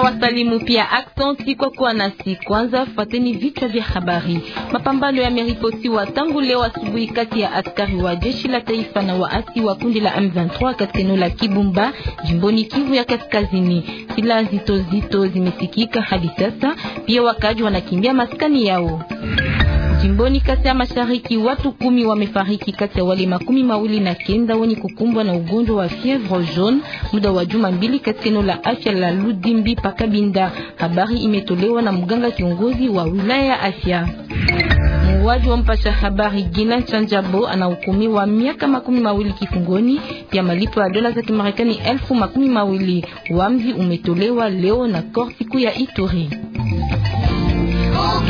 wasalimu pia aksanti kwa kuwa nasi. Kwanza fateni vichwa vya habari. Mapambano yameripotiwa tangu leo asubuhi kati ya askari wa jeshi la taifa na waasi wa kundi la M23 katika eneo la Kibumba jimboni Kivu ya Kaskazini. Silaha zito zito zimesikika hadi sasa, pia wakaji wanakimbia maskani yao. Jimboni Kasai ya Mashariki watu kumi wamefariki kati ya wale makumi mawili na kenda wenye kukumbwa na ugonjwa wa fievre jaune muda wa juma mbili katika eneo la afya la Ludimbi Pakabinda. Habari imetolewa na mganga kiongozi wa wilaya ya afya. Muuaji wa mpasha habari Gina Chanjabo anahukumiwa miaka makumi mawili kifungoni ya malipo ya dola za Kimarekani elfu makumi mawili. Uamuzi umetolewa leo na korti kuu ya Ituri. Oh,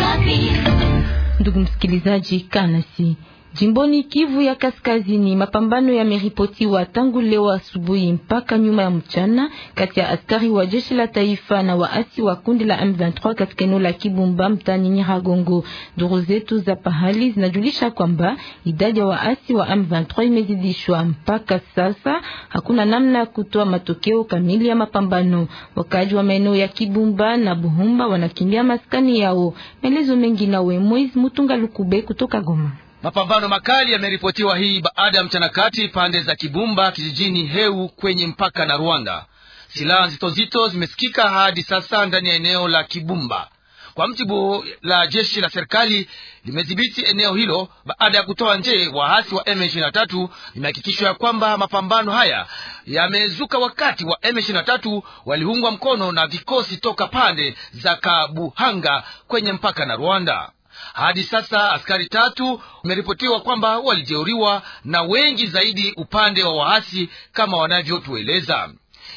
Ndugu msikilizaji, kanasi Jimboni Kivu ya Kaskazini, mapambano yameripotiwa tangu leo asubuhi mpaka nyuma ya mchana kati ya askari wa jeshi la taifa na waasi wa kundi la M23 katika eneo la Kibumba mtani Nyiragongo. Duru zetu za pahali zinajulisha kwamba idadi ya waasi wa M23 imezidishwa. Mpaka sasa hakuna namna ya kutoa matokeo kamili ya mapambano. Wakaaji wa maeneo ya Kibumba na Buhumba wanakimbia maskani yao. Maelezo mengi nawe Moise Mutunga Lukube kutoka Goma. Mapambano makali yameripotiwa hii baada ya mchana kati pande za Kibumba kijijini Heu kwenye mpaka na Rwanda. Silaha nzito nzito zimesikika hadi sasa ndani ya eneo la Kibumba. Kwa mjibu la jeshi la serikali limedhibiti eneo hilo baada ya kutoa nje waasi wa M23. Imehakikishwa ya kwamba mapambano haya yamezuka wakati wa M23 waliungwa mkono na vikosi toka pande za Kabuhanga kwenye mpaka na Rwanda. Hadi sasa askari tatu wameripotiwa kwamba walijeuriwa na wengi zaidi upande wa waasi kama wanavyotueleza.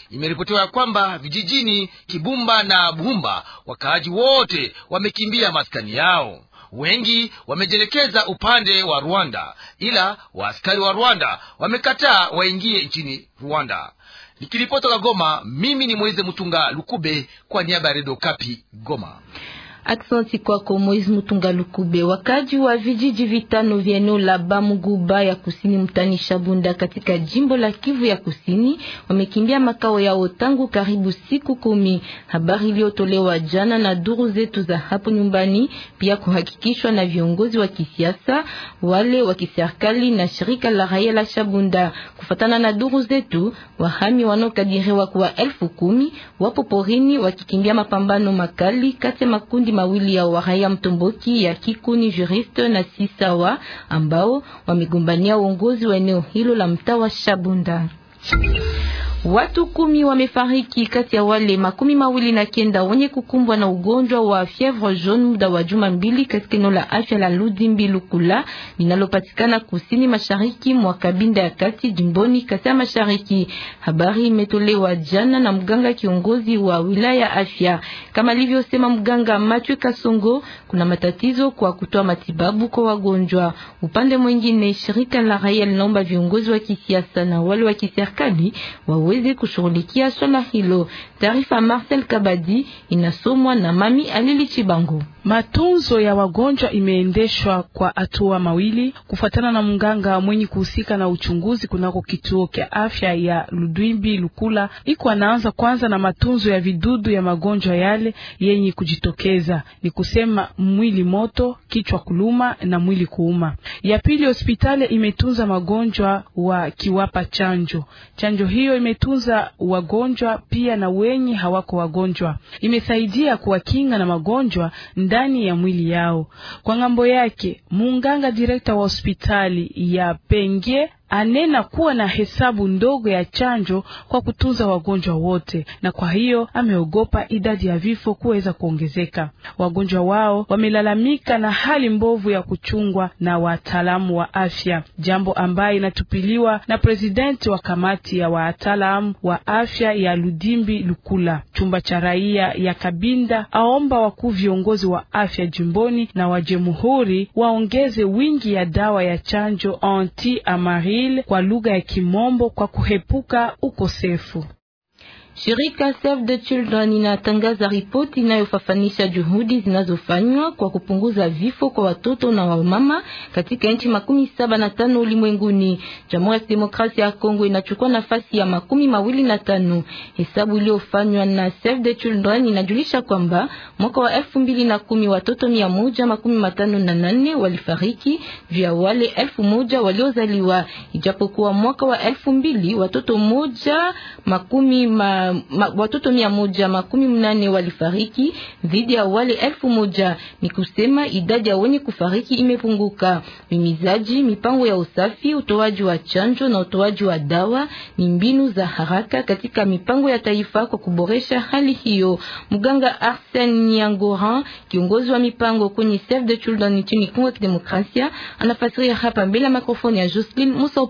Imeripotiwa ya kwamba vijijini Kibumba na Bumba wakaaji wote wamekimbia maskani yao, wengi wamejielekeza upande wa Rwanda, ila waaskari wa Rwanda wamekataa waingie nchini Rwanda. Nikiripota Goma, mimi ni Mweze Mutunga Lukube kwa niaba ya Redio Kapi Goma. Aksanti kwako Moise Mutunga Lukube. Wakaji wa vijiji vitano vya eneo la Bamuguba ya kusini mtani Shabunda katika jimbo la Kivu ya kusini wamekimbia makao yao tangu karibu siku kumi. Habari iliyotolewa jana na duru zetu za hapo nyumbani, pia kuhakikishwa na viongozi wa kisiasa wale wa kiserikali na shirika la raia la Shabunda. Kufatana na duru zetu, wahami wanaokadiriwa kuwa elfu kumi wapo porini wakikimbia mapambano makali kati ya makundi mawili ya waraia mtomboki ya Kikuni Juriste na Sisawa ambao wamegombania uongozi wa eneo hilo la mtaa wa Shabunda. Watu kumi wamefariki kati ya wale makumi mawili na kenda wenye kukumbwa na ugonjwa wa fievre jaune muda wa juma mbili katika eneo la afya la Ludimbi Lukula linalopatikana kusini mashariki mwa Kabinda ya kati jimboni Kasai ya mashariki. Habari imetolewa jana na mganga kiongozi wa wilaya ya afya, kama alivyosema mganga Mathieu Kasongo, kuna matatizo kwa kutoa matibabu kwa wagonjwa. Upande mwingine, shirika la raia linaomba viongozi wa kisiasa na wale wa kiserikali wawe waweze kushughulikia swala hilo. Taarifa Marcel Kabadi inasomwa na Mami Alilichibangu. Matunzo ya wagonjwa imeendeshwa kwa hatua mawili kufuatana na mganga mwenye kuhusika na uchunguzi kunako kituo kya afya ya Ludwimbi Lukula. Iko anaanza kwanza na matunzo ya vidudu ya magonjwa yale yenye kujitokeza, ni kusema mwili moto, kichwa kuluma na mwili kuuma. Ya pili, hospitali imetunza magonjwa wa kiwapa chanjo. Chanjo hiyo imetu kuwatunza wagonjwa pia na wenye hawako wagonjwa. Imesaidia kuwakinga na magonjwa ndani ya mwili yao. Kwa ng'ambo yake, munganga direkta wa hospitali ya penge anena kuwa na hesabu ndogo ya chanjo kwa kutunza wagonjwa wote, na kwa hiyo ameogopa idadi ya vifo kuweza kuongezeka. Wagonjwa wao wamelalamika na hali mbovu ya kuchungwa na wataalamu wa afya, jambo ambayo inatupiliwa na presidenti wa kamati ya wataalamu wa afya ya Ludimbi Lukula. Chumba cha raia ya Kabinda aomba wakuu viongozi wa afya jimboni na wa jamhuri waongeze wingi ya dawa ya chanjo anti amari Kiswahili kwa lugha ya Kimombo kwa kuhepuka ukosefu. Shirika Save the Children inatangaza ripoti inayofafanisha juhudi zinazofanywa kwa kupunguza vifo kwa watoto na wamama katika nchi makumi saba na tano ulimwenguni. Jamhuri ya Demokrasia ya Kongo inachukua nafasi ya makumi mawili na tano. Hesabu iliyofanywa na Save the Children inajulisha kwamba mwaka wa elfu mbili na kumi watoto mia moja makumi matano na nane walifariki vya wale elfu moja waliozaliwa, ijapokuwa mwaka wa elfu mbili watoto moja makumi ma, ma, watoto mia moja makumi mnane walifariki dhidi ya wale elfu moja. Ni kusema idadi ya wenye kufariki imepunguka. Mimizaji, mipango ya usafi, utoaji wa chanjo na utoaji wa dawa ni mbinu za haraka katika mipango ya taifa kwa kuboresha hali hiyo. Mganga Arsene Nyangoran, kiongozi wa mipango kwenye Save the Children nchini Kongo ya Kidemokrasia, anafasiria hapa mbele ya mikrofoni ya Jocelyn Musa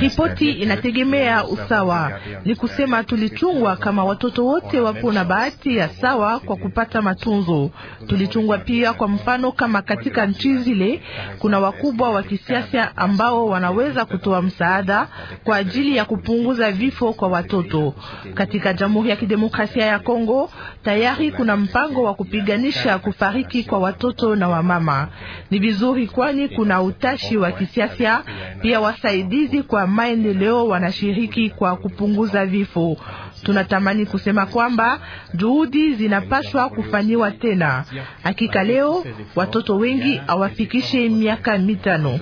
Ripoti inategemea usawa, ni kusema tulichungwa kama watoto wote wapo na bahati ya sawa kwa kupata matunzo. Tulichungwa pia, kwa mfano, kama katika nchi zile kuna wakubwa wa kisiasa ambao wanaweza kutoa msaada kwa ajili ya kupunguza vifo kwa watoto. Katika Jamhuri ya Kidemokrasia ya Kongo tayari kuna mpango wa kupiganisha kufariki kwa watoto na wamama. Ni vizuri, kwani kuna utashi watumishi wa kisiasa, pia wasaidizi kwa maendeleo wanashiriki kwa kupunguza vifo. Tunatamani kusema kwamba juhudi zinapaswa kufanyiwa tena. Hakika leo watoto wengi hawafikishe miaka mitano.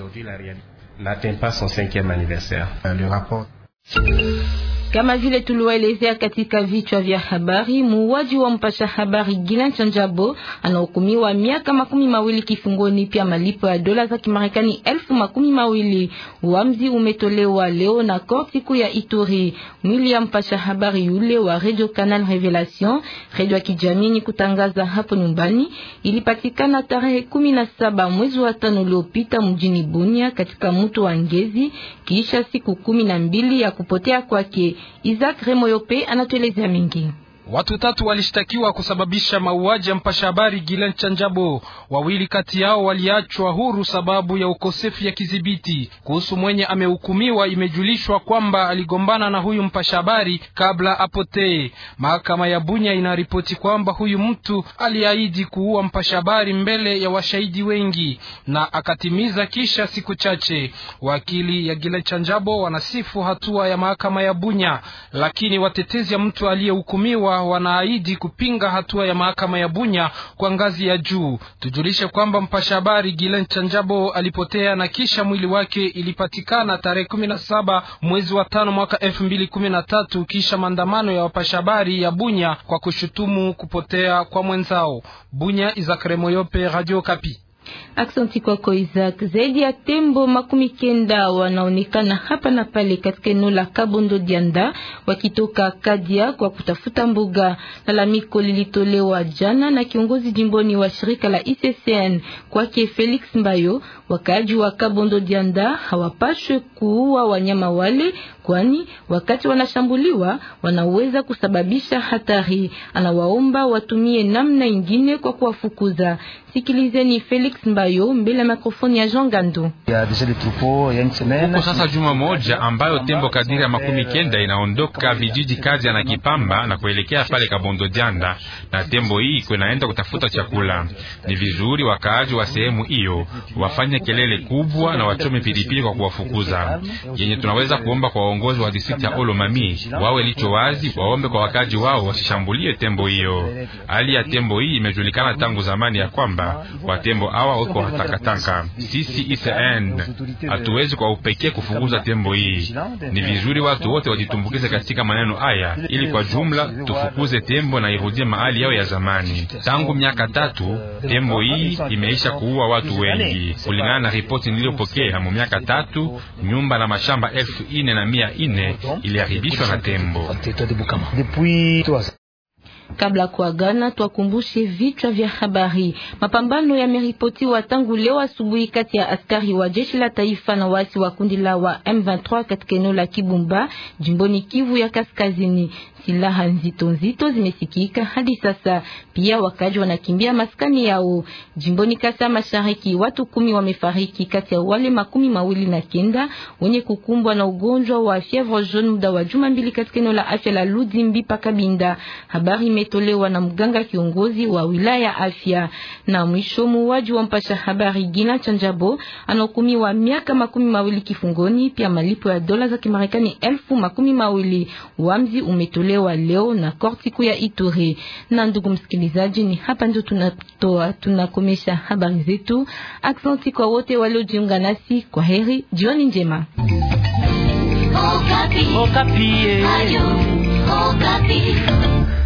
Kama vile tuliwaelezea katika vichwa vya habari, muuaji wa mpasha habari Gilan Chanjabo anahukumiwa miaka makumi mawili kifungoni pia malipo ya dola za Kimarekani elfu makumi mawili. Uamzi umetolewa leo na korti kuu ya Ituri. Mwili ya mpasha habari yule wa Radio Canal Revelation, radio ya kijamii ni kutangaza hapo nyumbani, ilipatikana tarehe 17 mwezi wa tano uliopita mjini Bunia katika mtu wa Ngezi, kisha siku kumi na mbili ya kupotea kwake. Isaac Remoyope anatuelezea mengi. Watu tatu walishtakiwa kusababisha mauaji ya mpasha habari Gilen Chanjabo. Wawili kati yao waliachwa huru sababu ya ukosefu ya kidhibiti. Kuhusu mwenye amehukumiwa, imejulishwa kwamba aligombana na huyu mpasha habari kabla apotee. Mahakama ya Bunya inaripoti kwamba huyu mtu aliahidi kuua mpasha habari mbele ya washahidi wengi na akatimiza kisha siku chache. Wakili ya Gilen Chanjabo wanasifu hatua ya mahakama ya Bunya, lakini watetezi ya mtu aliyehukumiwa wanaahidi kupinga hatua ya mahakama ya Bunya kwa ngazi ya juu. Tujulishe kwamba mpasha habari Gilen Chanjabo alipotea na kisha mwili wake ilipatikana tarehe kumi na saba mwezi wa tano mwaka elfu mbili kumi na tatu kisha maandamano ya wapasha habari ya Bunya kwa kushutumu kupotea kwa mwenzao. Bunya, Izakremoyope, Moyope, Radio Kapi. Aksanti kwako Isaac. Zaidi ya tembo makumi kenda wanaonekana hapa na pale katika eneo la Kabondo Dianda wakitoka Kadia kwa kutafuta mbuga. Lalamiko lilitolewa jana na kiongozi jimboni wa shirika la ICCN kwake Felix Mbayo. Wakaaji wa Kabondo Dianda hawapashwe kuua wanyama wale kwani wakati wanashambuliwa wanaweza kusababisha hatari. Anawaomba watumie namna ingine kwa kuwafukuza. Sikilizeni Felix Mbayo mbele ya mikrofoni ya Jean Gandu. Huko sasa juma moja ambayo tembo kadiri ya makumi kenda inaondoka vijiji kazi na Kipamba na kuelekea pale Kabondo Janda, na tembo hii kunaenda kutafuta chakula. Ni vizuri wakaaji wa sehemu hiyo wafanye kelele kubwa na wachome pilipili kwa kuwafukuza. Yenye tunaweza kuomba kwa waongozi wa district ya Olomami wawe licho wazi, waombe kwa wakaji wao wasishambulie tembo hiyo. Hali ya tembo hii imejulikana tangu zamani ya kwamba watembo hawa weko hatakatanka. Sisi ICN hatuwezi kwa upekee kufukuza tembo hii. Ni vizuri watu wote wajitumbukize katika maneno haya, ili kwa jumla tufukuze tembo na irudie mahali yao ya zamani. Tangu miaka tatu tembo hii imeisha kuua watu wengi, kulingana na ripoti niliyopokea. Mu miaka tatu nyumba na mashamba elfu ine na mia mia ine iliharibishwa na tembo. Kabla kuagana, twakumbushe vichwa vya habari. Mapambano yameripotiwa tangu leo asubuhi kati ya askari wa jeshi la taifa na waasi wa kundi la wa M23 katika eneo la Kibumba, jimboni Kivu ya Kaskazini silaha nzito nzito zimesikika hadi sasa. Pia wakaji wanakimbia maskani yao jimboni Kasa Mashariki. Watu kumi wamefariki kati ya wale makumi mawili na kenda wenye kukumbwa na ugonjwa wa fievre jaune muda wa juma mbili katika eneo la afya la Ludzimbi paka Binda. Habari imetolewa na mganga kiongozi wa wilaya ya afya. Na mwisho muuaji wa mpasha habari Gina Chanjabo anahukumiwa miaka makumi mawili kifungoni pia malipo ya dola za Kimarekani elfu makumi mawili. Uamzi umetolewa kutolewa leo na korti kuu ya Ituri. Na ndugu msikilizaji, ni hapa ndio tunatoa tunakomesha habari zetu. Asante kwa wote waliojiunga nasi. Kwa heri, jioni njema. Okapi. Okapi. Ayu, Okapi.